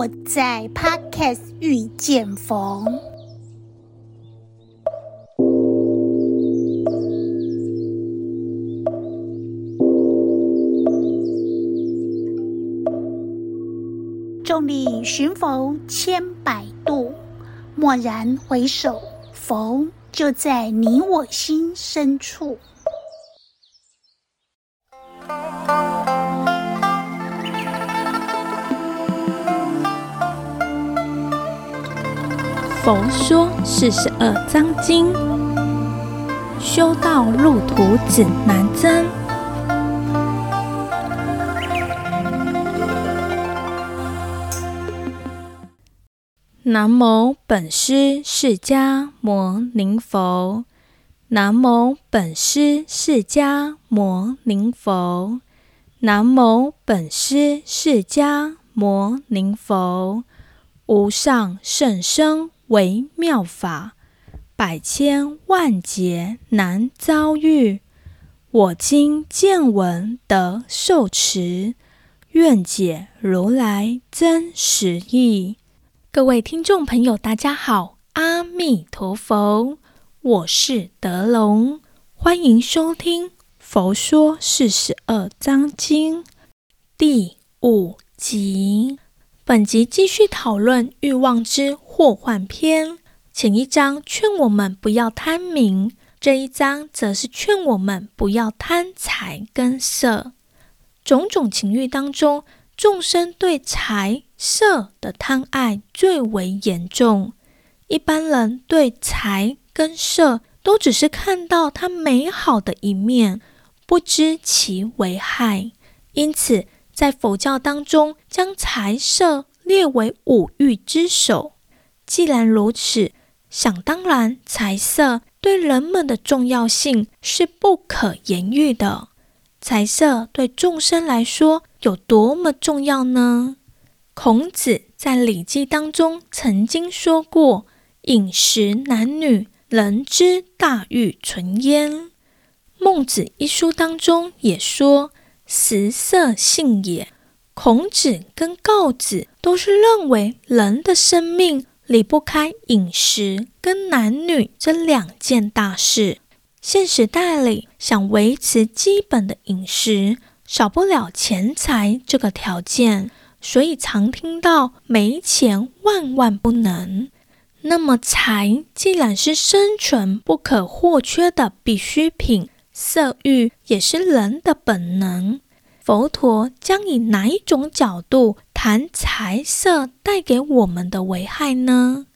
我在 Podcast 遇見佛，眾裡尋佛千百度，驀然回首，佛就在你我心深處。佛說四十二章經，修道路途指南針。南無本師釋迦牟尼佛，南無本師釋迦牟尼佛，南無本師釋迦牟尼佛，佛，無上甚深，為妙法，百千萬劫難遭遇。我今見聞得受持，願解如來真實義。各位聽眾朋友，大家好，阿彌陀佛，我是德龍，歡迎收聽《佛說四十二章經》第五集。本集繼續討論慾望之。禍患篇，前一章勸我們不要貪名，這一章則是勸我們不要貪財跟色。種種情欲當中，眾生對財色的貪愛最為嚴重。一般人對財跟色都只是看到它美好的一面，不知其危害。因此，在佛教當中，將財色列為五欲之首。既然如此，想當然，財色對人們的重要性是不可言喻的。財色對眾生來說有多麼重要呢？孔子在《禮記》當中曾經說過：“飲食男女，人之大欲存焉。”孟子一書當中也說：“食色，性也。”孔子跟告子都是認為人的生命。離不開飲食跟男女這兩件大事。現時代裡，想維持基本的飲食，少不了錢財這個條件，所以常聽到“沒錢萬萬不能”。那麼，財既然是生存不可或缺的必需品，色欲也是人的本能。佛陀將以哪一種角度談財色帶給我們的危害呢？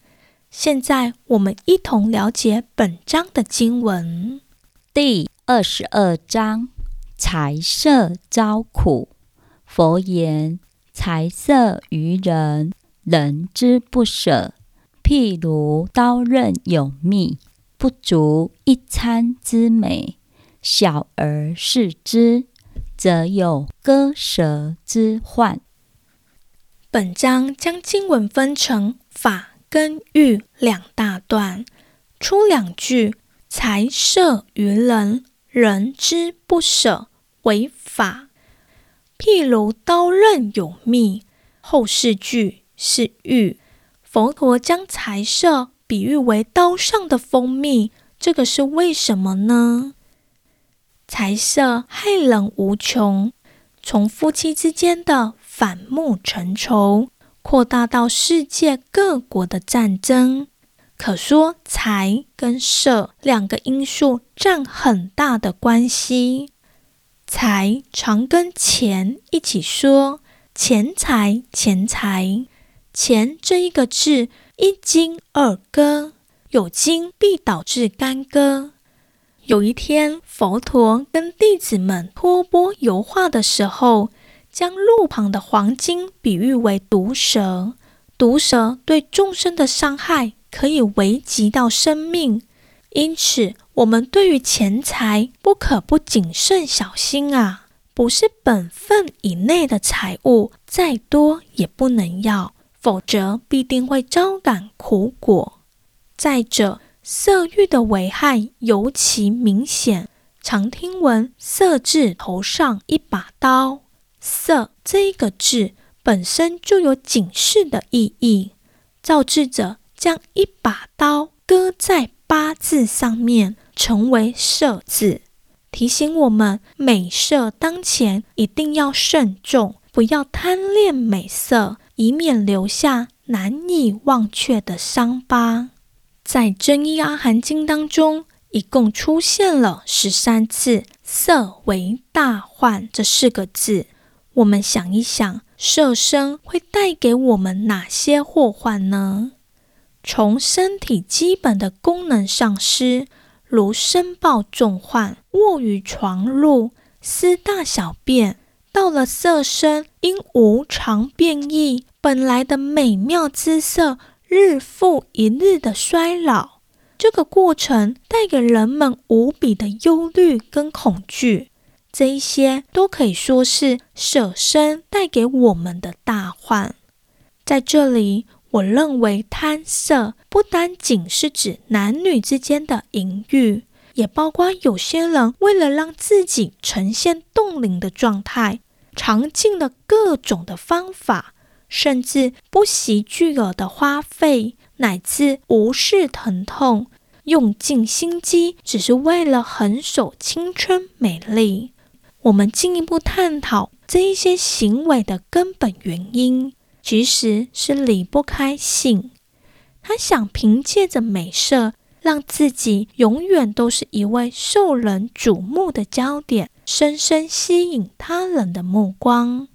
現在我們一同了解本章的經文。第二十二章：財色招苦。佛言：財色於人，人之不捨，譬如刀刃有蜜，不足一餐之美，小兒舐之，則有割舌之患。本章將經文分成法跟欲兩大段，初兩句財色於人，人之不捨為法，譬如刀刃有蜜，後四句是欲。佛陀將財色比喻為刀上的蜂蜜，這個是為什麼呢？財色害人無窮，從夫妻之間的反目成仇，擴大到世界各國的戰爭，可說財跟色兩個因素佔很大的關係。財常跟錢一起說，錢財錢財，錢這一個字，一金二戈，有金必導致干戈。有一天，佛陀跟弟子們托缽遊化的時候，將路旁的黃金比喻為毒蛇。毒蛇對眾生的傷害可以危及到生命，因此我們對於錢財不可不謹慎小心啊！不是本分以內的財物，再多也不能要，否則必定會招感苦果。再者，色欲的危害尤其明顯，常聽聞“色”字頭上一把刀。色這個字本身就有警示的意義，造字者將一把刀擱在“八”字上面，成為“色”字，提醒我們美色當前一定要慎重，不要貪戀美色，以免留下難以忘卻的傷疤。在《增一阿含經》當中，一共出現了十三次“色為大患”這四個字。我們想一想，色身會帶給我們哪些禍患呢？從身體基本的功能喪失，如身抱重患、臥於床褥、失大小便，到了色身因無常變異，本來的美妙姿色。日復一日的衰老，這個過程帶給人們無比的憂慮跟恐懼，這一些都可以說是舍身帶給我們的大患。在這裡，我認為貪色不單僅是指男女之間的淫慾，也包括有些人為了讓自己呈現凍齡的狀態，嘗盡了各種的方法。甚至不惜巨額的花費，乃至無視疼痛，用盡心機，只是為了恆守青春美麗。我們進一步探討這一些行為的根本原因，其實是離不開性。他想憑借着美色，讓自己永遠都是一位受人矚目的焦點，深深吸引他人的目光。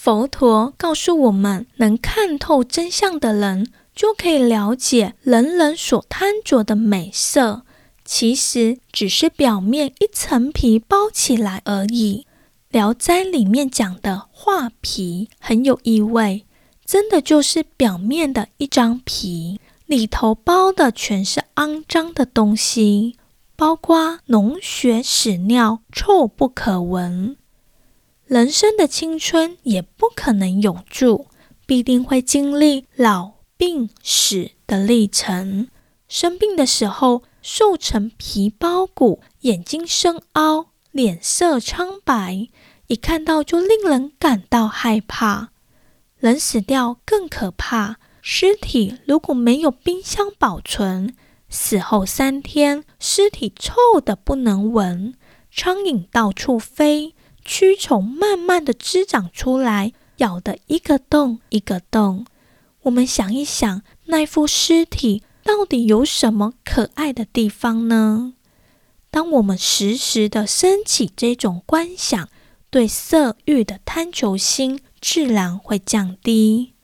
佛陀告訴我們，能看透真相的人，就可以了解人人所貪着的美色，其實只是表面一層皮包起來而已。《聊齋》裡面講的“畫皮”很有意味，真的就是表面的一張皮，裡頭包的全是骯髒的東西，包括膿血、屎尿，臭不可聞。人生的青春也不可能永駐，必定會經歷老、病、死的歷程。生病的時候，瘦成皮包骨，眼睛深凹，臉色蒼白，一看到就令人感到害怕。人死掉更可怕，屍體如果沒有冰箱保存，死後三天，屍體臭得不能聞，蒼蠅到處飛。蛆蟲慢慢地滋長出來，咬得一個洞一個洞。我們想一想，那副屍體到底有什麼可愛的地方呢？當我們時時地升起這種觀想，對色欲的貪求心自然會降低。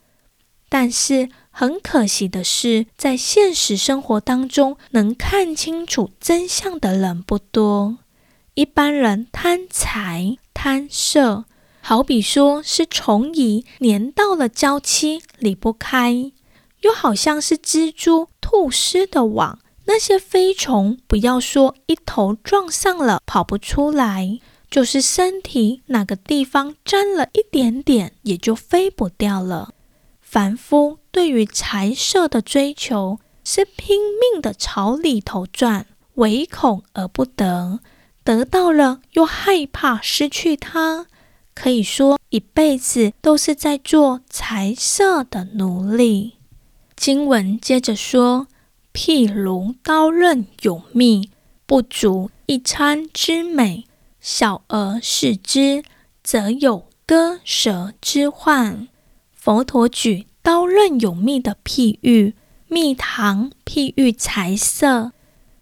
但是很可惜的是，在現實生活當中，能看清楚真相的人不多。一般人貪財。貪色，好比說是蟲蟻粘到了膠漆，離不開；又好像是蜘蛛吐絲的網，那些飛蟲，不要說一頭撞上了跑不出來，就是身體哪個地方沾了一點點，也就飛不掉了。凡夫對於財色的追求，是拼命地朝裡頭鑽，唯恐而不得。得到了又害怕失去它，可以說一輩子都是在做財色的奴隸。經文接着說：“譬如刀刃有蜜，不足一餐之美；小兒舐之，則有割舌之患。”佛陀舉刀刃有蜜的譬喻，蜜糖譬喻財色。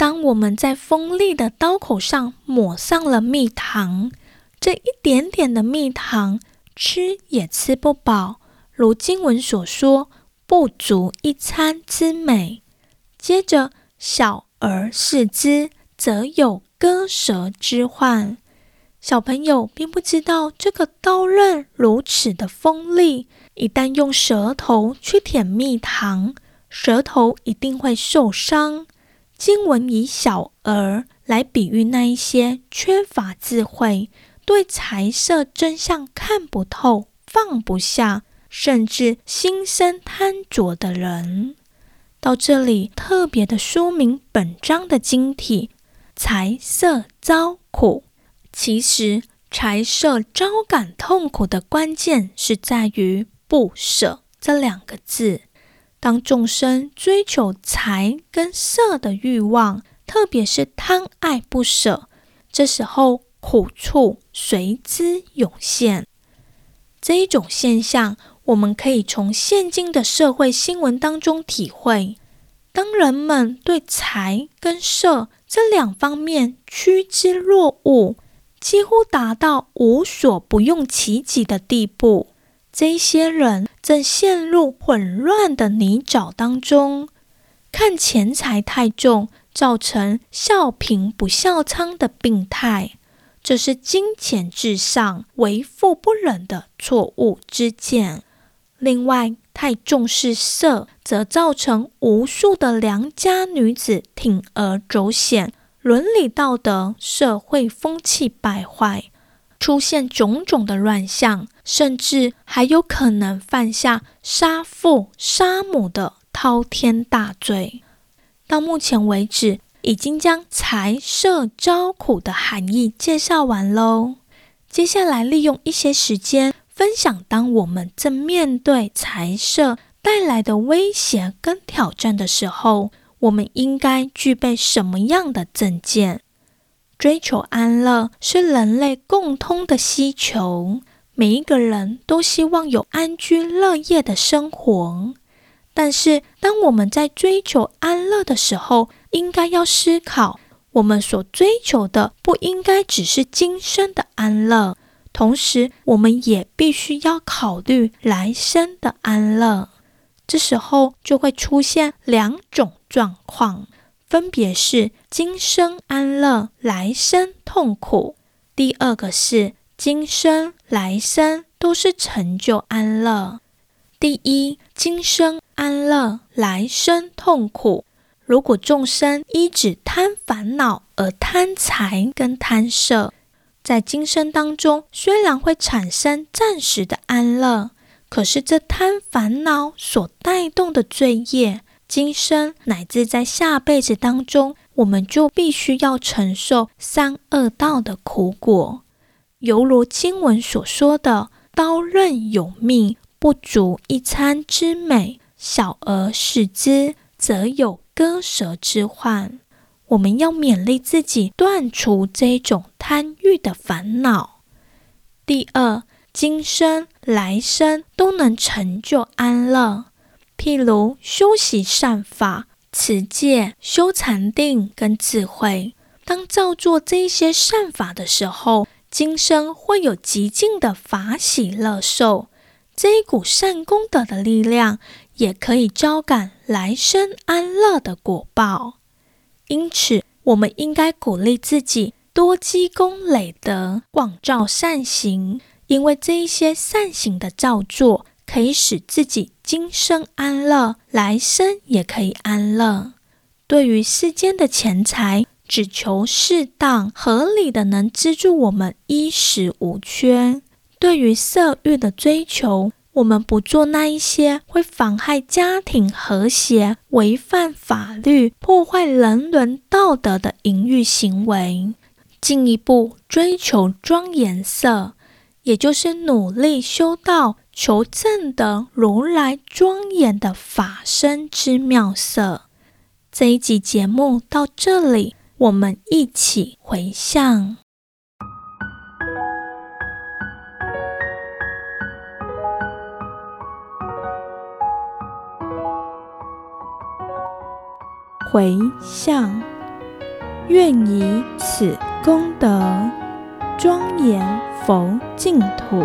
當我們在鋒利的刀口上抹上了蜜糖，這一點點的蜜糖吃也吃不飽。如經文所說，不足一餐之美。接着，小兒舐之，則有割舌之患。小朋友並不知道這個刀刃如此的鋒利，一旦用舌頭去舔蜜糖，舌頭一定會受傷。經文以小兒來比喻那一些缺乏智慧、對財色真相看不透、放不下，甚至心生貪着的人。到這裡特別的說明本章的經題，“財色招苦”。其實，財色招感痛苦的關鍵是在於“不捨”這兩個字。當眾生追求財跟色的欲望，特別是貪愛不捨，這時候苦處隨之湧現。這一種現象，我們可以從現今的社會新聞當中體會。當人們對財跟色這兩方面趨之若鶩，幾乎達到無所不用其極的地步，這些人。正陷入混亂的泥沼當中，看錢財太重，造成笑貧不笑娼的病態，這是金錢至上、為富不仁的錯誤之見。另外，太重視色，則造成無數的良家女子鋌而走險，倫理道德、社會風氣敗壞，出現種種的亂象，甚至還有可能犯下殺父殺母的滔天大罪。到目前為止，已經將財色招苦的含義介紹完嘍。接下來，利用一些時間分享：當我們正面對財色帶來的威脅跟挑戰的時候，我們應該具備什麼樣的正見？追求安樂是人類共通的需求，每一個人都希望有安居樂業的生活。但是，當我們在追求安樂的時候，應該要思考，我們所追求的不應該只是今生的安樂，同時，我們也必須要考慮來生的安樂。這時候就會出現兩種狀況，分別是，今生安樂，來生痛苦。第二個是，今生來生都是成就安樂。第一，今生安樂，來生痛苦。如果眾生依止貪煩惱而貪財跟貪色，在今生當中雖然會產生暫時的安樂，可是這貪煩惱所帶動的罪業，今生乃至在下輩子當中。我們就必須要承受三惡道的苦果，猶如經文所說的：“刀刃有蜜，不足一餐之美；小兒舐之，則有割舌之患。”我們要勉勵自己斷除這種貪欲的煩惱。第二，今生來生都能成就安樂，譬如修習善法。持戒修禪定跟智慧，當造作這一些善法的時候，今生會有極盡的法喜樂受。這一股善功德的力量，也可以招感來生安樂的果報。因此，我們應該鼓勵自己多積功累德，廣造善行，因為這一些善行的造作，可以使自己，今生安樂，來生也可以安樂。對於世間的錢財，只求適當合理的，能資助我們衣食無缺。對於色欲的追求，我們不做那一些會妨害家庭和諧、違反法律、破壞人倫道德的淫欲行為。進一步追求莊嚴色，也就是努力修道。求證得如來莊嚴的法身之妙色。這一集節目到這裡，我們一起回向。回向，願以此功德，莊嚴佛淨土。